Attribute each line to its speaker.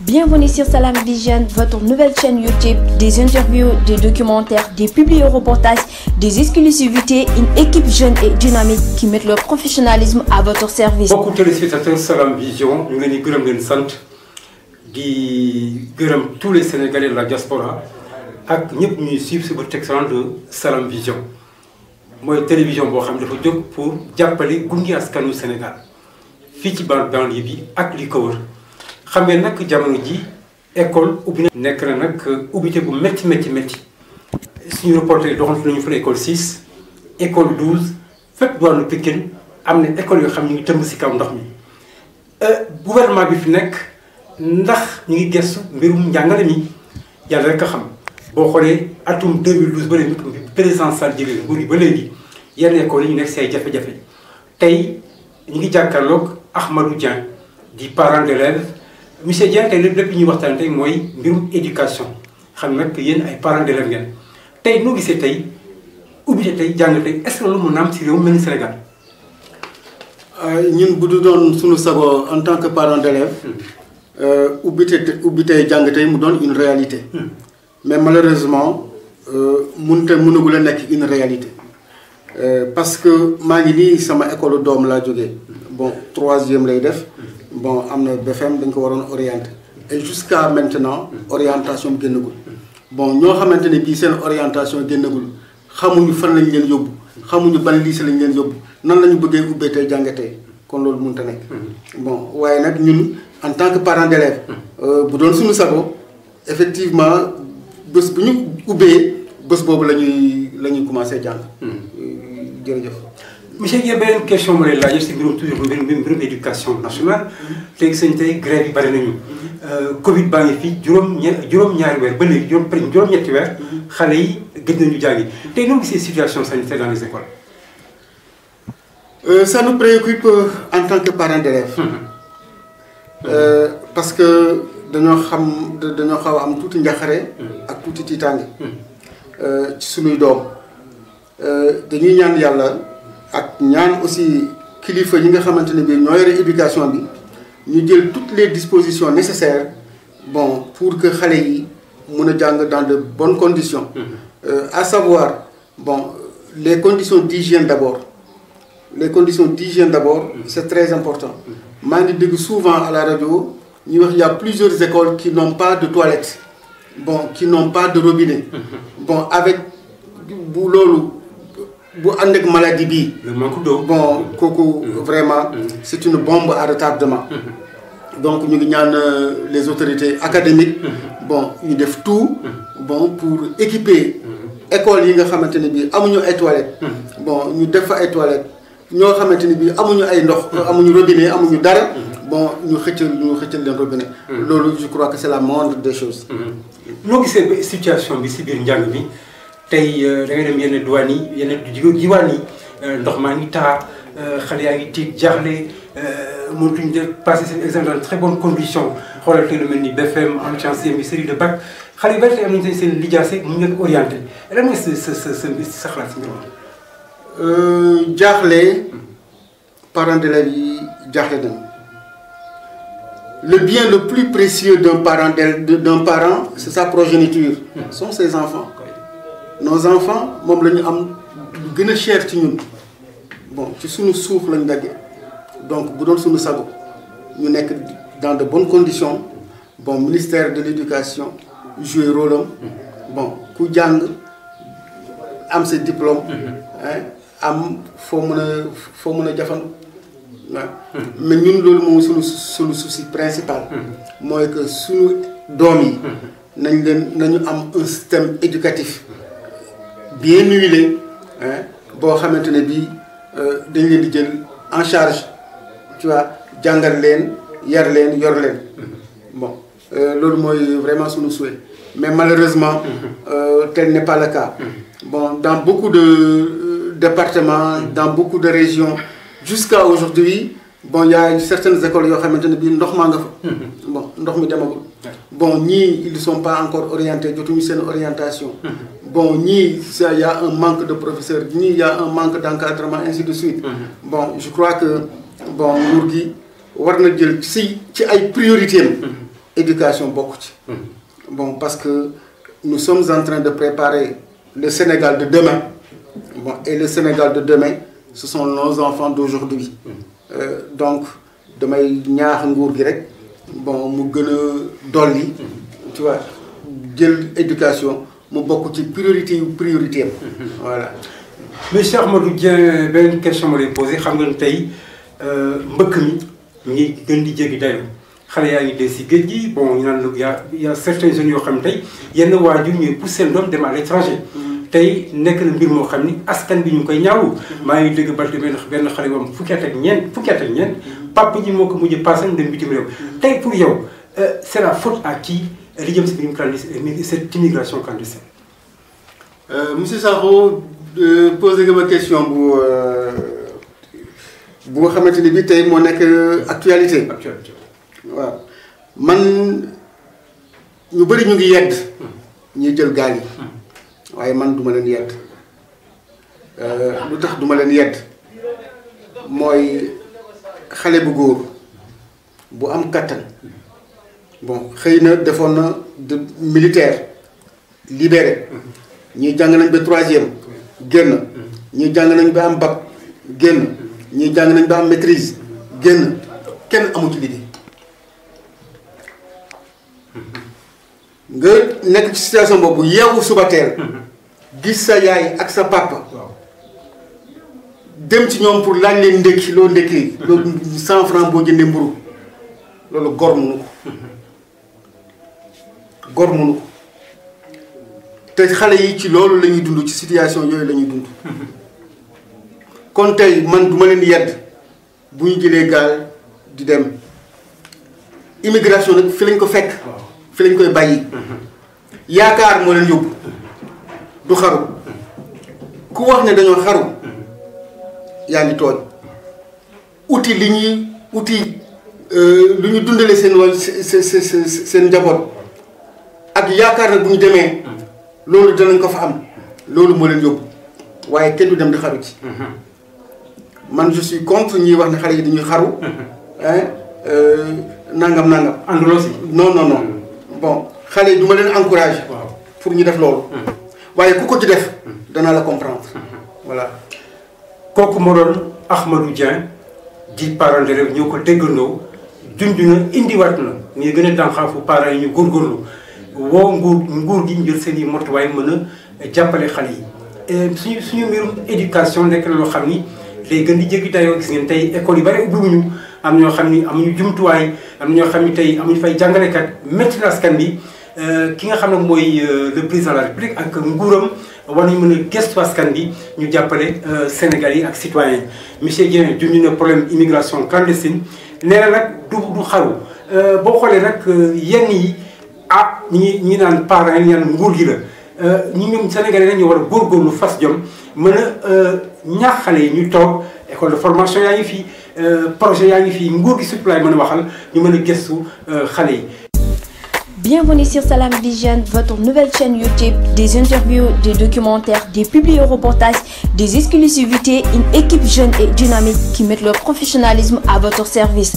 Speaker 1: Bienvenue sur Salam Vision, votre nouvelle chaîne YouTube, des interviews, des documentaires, des publi-reportages, des exclusivités, une équipe jeune et dynamique qui met leur professionnalisme à votre service. mbokk
Speaker 2: téléspectateurs Salam Vision ñu ngi leen di gërëm sant di gërëm tous les Sénégalais de la diaspora ak ñëpp ñuy suivre sur votre excellent de Salam Vision mooy télévision boo xam ne dafa jóg pour jàppale gunge askanu Sénégal fii ci banlieue bi ak li xam ngeen nag jamono ji école ubbi na. nekk na nag ubbite bu métti métti métti suñu reporter doxantu nañu fa école 6 école 12 fépp wàllu Pikine am na école yoo xam ñu ngi tëmb si kaw ndox mi euh, gouvernement bi fi nekk ndax ñu ngi gëstu mbirum njàngale mi yàlla rekk a xam. boo xoolee atum 2012 ba léegi président Sall jëlee nguur yi ba léegi yenn école yi ñu nekk si ay jafe-jafe tey ñu ngi jàkkaarloog Ahmadou Dieng di parent d'élèves monsieur Dieng tey lépp lépp ñuy waxtaan tey mooy mbirum éducation xam nag yéen ay parents d'élèves ngeen tey noo gisee tey ubbite tey jàng tey est-ce que réew mel ni Sénégal. Euh, ñun bu doon suñu sago en tant que parent d'élève hmm.
Speaker 1: euh, ubbite ubbite jàng mu doon une réalité. Hmm. mais malheureusement euh, mënut a mënagul a nekk une réalité. parce que maa ngi nii sama école doom laa jógee hmm. bon troisième lay def. bon am na BFM dañ ko waroon orienté et jusqu'à maintenant orientation bi génnagul bon ñoo xamante ni bii seen orientation génnagul xamuñu fan lañ leen yóbbu xamuñu ban lycée lañ leen yóbbu nan la ñu bëggee ubbee tey jàngatee kon loolu mënut a nekk mm-hmm. bon waaye nag ñun en tant que parent d'élève mm-hmm. euh, bu doon suñu sago effectivement bés bu ñu ubbee
Speaker 2: bés boobu la ñuy la ñuy commencé jàng mm-hmm. euh, monsieur Guèye beneen question ma lay laajee si mbirum toujours mbirum mbirum éducation nationale mm-hmm. léegi sëñ tey grève yi bari nañu. Mm-hmm. Euh, Covid baa ngi fii juróom ñe juróom-ñaari weer ba léegi juróom presque juróom-ñetti weer mm-hmm. xale yi gëj nañu jàngi tey noo gisee situation sanitaire dans les écoles. Euh, ça nous euh, en tant que parents d'élèves. Euh,
Speaker 1: parce que dañoo xam dañoo xaw am tuuti njaxare. ak tuuti tiitaange. Euh, ci sunuy doom dañuy ñaan yàlla. ak ñaan aussi kilifa yi nga xamante ne bii ñoo yore éducation bi ñu jël toutes les dispositions nécessaires bon pour que xale yi mun a jàng dans de bonnes conditions. Mm-hmm. Euh, à savoir bon les conditions d'hygiène d'abord les conditions d'hygiène d'abord mm-hmm. c'est très important mm-hmm. maa ngi dégg souvent à la radio ñuy wax y a plusieurs écoles qui n'ont pas de toilettes bon qui n'ont pas de robinet bon avec bu loolu. bu ànd ak maladie bii. bon kooku mm. vraiment. Mm. c'est une bombe à retardement. Mm-hmm. donc ñu ngi ñaan euh, les autorités académiques. Mm-hmm. bon ñu def tout. Mm-hmm. bon pour équiper. école yi nga xamante ne bii amuñu ay bon ñu def fa ay toilettes ñoo xamante ne bii amuñu ay ndox. amuñu robinet amuñu dara. bon ñu xëccal ñu xëccal leen robinet.
Speaker 2: loolu je crois que c'est la moindre des choses. noo gisee situation bi si biir njàng bi. tey euh, da ngay dem yenn douane yi yenn diwaan euh, ndox maa ngi taa euh, xale yaa ngi tiit jaaxle mënatuñ de passer seen examen dans très bonnes conditions xoolal tey lu mel ni BFM am chance CM de bac xale yu bari tey am nañu seen lijaase mu ñu leen orienté lan mooy sa sa sa sa xalaat si mbir jaaxle
Speaker 1: parents d'élèves jaaxle nañu le bien le plus précieux d'un parent d'un parent c'est sa progéniture hmm. sont ses enfants nos enfants moom lañu am lu gën a cher ci ñun bon ci suñu suuf lañ daggee donc bu doon suñu sago ñu nekk dans de bonnes condition bon ministère de l'éducation jouer rôle am bon ku jàng am sa diplôme mm-hmm. am foo mën a foo mën a jafan waaw mais ñun loolu moom suñu suñu si principal mm-hmm. mooy que suñu doom yi mm-hmm. nañ leen nañu am un système éducatif bien huilé boo xamante ne bii euh, dañ leen di jël en charge tu vois jàngal leen yar leen yor leen bon euh, loolu mooy vraiment sunu souhait mais malheureusement mm-hmm. euh, tel n'est pas mm-hmm. bon dans beaucoup de euh, départements mm-hmm. dans beaucoup de régions jusqu'à aujourd'hui bon y a certaines écoles yoo xamante ne bii ndox maa nga fa bon ndox mi demagul bon ñii ils sont pas encore orientés jotuñu seen orientation bon ñii il y a manque de professeurs ñii il y un manque d'encadrement ainsi de suite. Mm-hmm. bon je crois que bon nguur gi war na jël si ci ay priorité am. Mm-hmm. éducation bokk ci.
Speaker 2: Mm-hmm.
Speaker 1: bon parce que nous sommes en train de préparer le Sénégal de demain bon et le Sénégal de demain ce sont nos enfants d'aujourd'hui euh, donc damay ñaax nguur gi rek bon mu gën a dolli. tu vois jël éducation. mu bokk ci
Speaker 2: priorité yu priorité am. voilà. monsieur Ahmadou Dieng benn question ma lay posé xam nga ne tey euh, mbëkk mi mu ngi gën di jéggi dayoo xale yaa ngi dee si géej gi bon ñu naan a y' a certains jeunes yoo xam ne tey yenn waajur ñuy pousse seen doom dem à étranger. Mm-hmm. tey nekk na mbir moo xam ni askan bi ñu koy ñaawu. Mm-hmm. maa ngi dégg ba benn benn xale bu am fukki at ak ñeent fukki at ak ñeent. Mm-hmm. papa ji moo ko mujj passé dem bitim réew. tey pour yow euh, c' est la faute à li jëm si crime clandestin cette euh, monsieur Sakho euh, posé nga ma question bu euh,
Speaker 1: bu nga xamante ni bi tey moo nekk actualité. actualité waaw man ñu bëri ñu ngi yedd. Mm-hmm. ñuy jël gaal yi. Mm-hmm. waaye man duma leen yedd lu tax duma leen yedd mooy xale bu góor bu am kattan. Mm-hmm. bon xëy na defoon na de militaire libéré ñii jàng nañ ba troisième génn ñii jàng nañ ba am bac génn ñii jàng nañ ba am maîtrise génn kenn amu ci liggéey nga nekk ci situation boobu yeewu suba teel gis sa yaay ak sa papa dem ci ñoom pour laaj leen ndékki loo ndékki. loolu cent franc boo jëndee mburu loolu gor mënu ko gor mënu ko te xale yi ci loolu lañuy dund ci situation yooyu la dund kon tey man duma leen yedd bu ñu jëlee gaal di dem immigration nag fi lañ ko fekk fi lañ koy bàyyi yaakaar moo leen yóbbu du xaru ku wax ne dañoo xaru yaa ngi tooñ uti li ñuy uti euh, lu ñu dundale seen wàll seen seen seen njaboot ak yaakaar nag bu ñu demee mm-hmm. loolu danañ ko fa am loolu moo leen yóbbu waaye kenn du dem di xaru ci mm-hmm. man je suis contre ñuy wax ne xale yi dañuy xaru mm-hmm. euh, nangam nangam anduloo si non non bon xale yi du ma leen encouragé pour ñu def loolu waaye
Speaker 2: ku ko ci def danaa la comprendre voilà kooku moo doon Ahmadou Dieng di parent d'élève ñoo ko déggandoo junj na indiwaat na ñuy gën a tànxaafu parents yi ñu góorgóorlu woo nguur nguur gi ñu jël seen i motuwaay mën a jàppale xale yi. suñu suñu mbirum éducation nekk na loo xam ni day gën di jéggi dayoo gis ngeen tey école yi bare ñu am ñoo xam ni amuñu jumtuwaay am ñoo xam ni tey amuñu fay jàngalekat métti na askan bi euh, ki nga xam ne mooy euh, le président de la république ak nguuram war nañu mën a gëstu askan bi ñu jàppale euh, Sénégal yi ak citoyen monsieur Dieng junj na problème immigration clandestine nee na nag du du xaru boo xoolee nag yenn yi. ñi ngi naan parent yi nguur gi la euh, ñi ñoom Sénégalais dañu war a góorgóorlu fas jom mën a euh, ñaax xale yi ñu toog école de formation yaa ngi fii euh, projet yaa ngi fii nguur gi surtout laay mën a waxal ñu mën a gëstu xale yi.
Speaker 1: Bienvenue sur Salam Vision, votre nouvelle chaîne YouTube, des interviews, des documentaires, des publi-reportages, des exclusivités, une équipe jeune et dynamique qui met leur professionnalisme à votre service.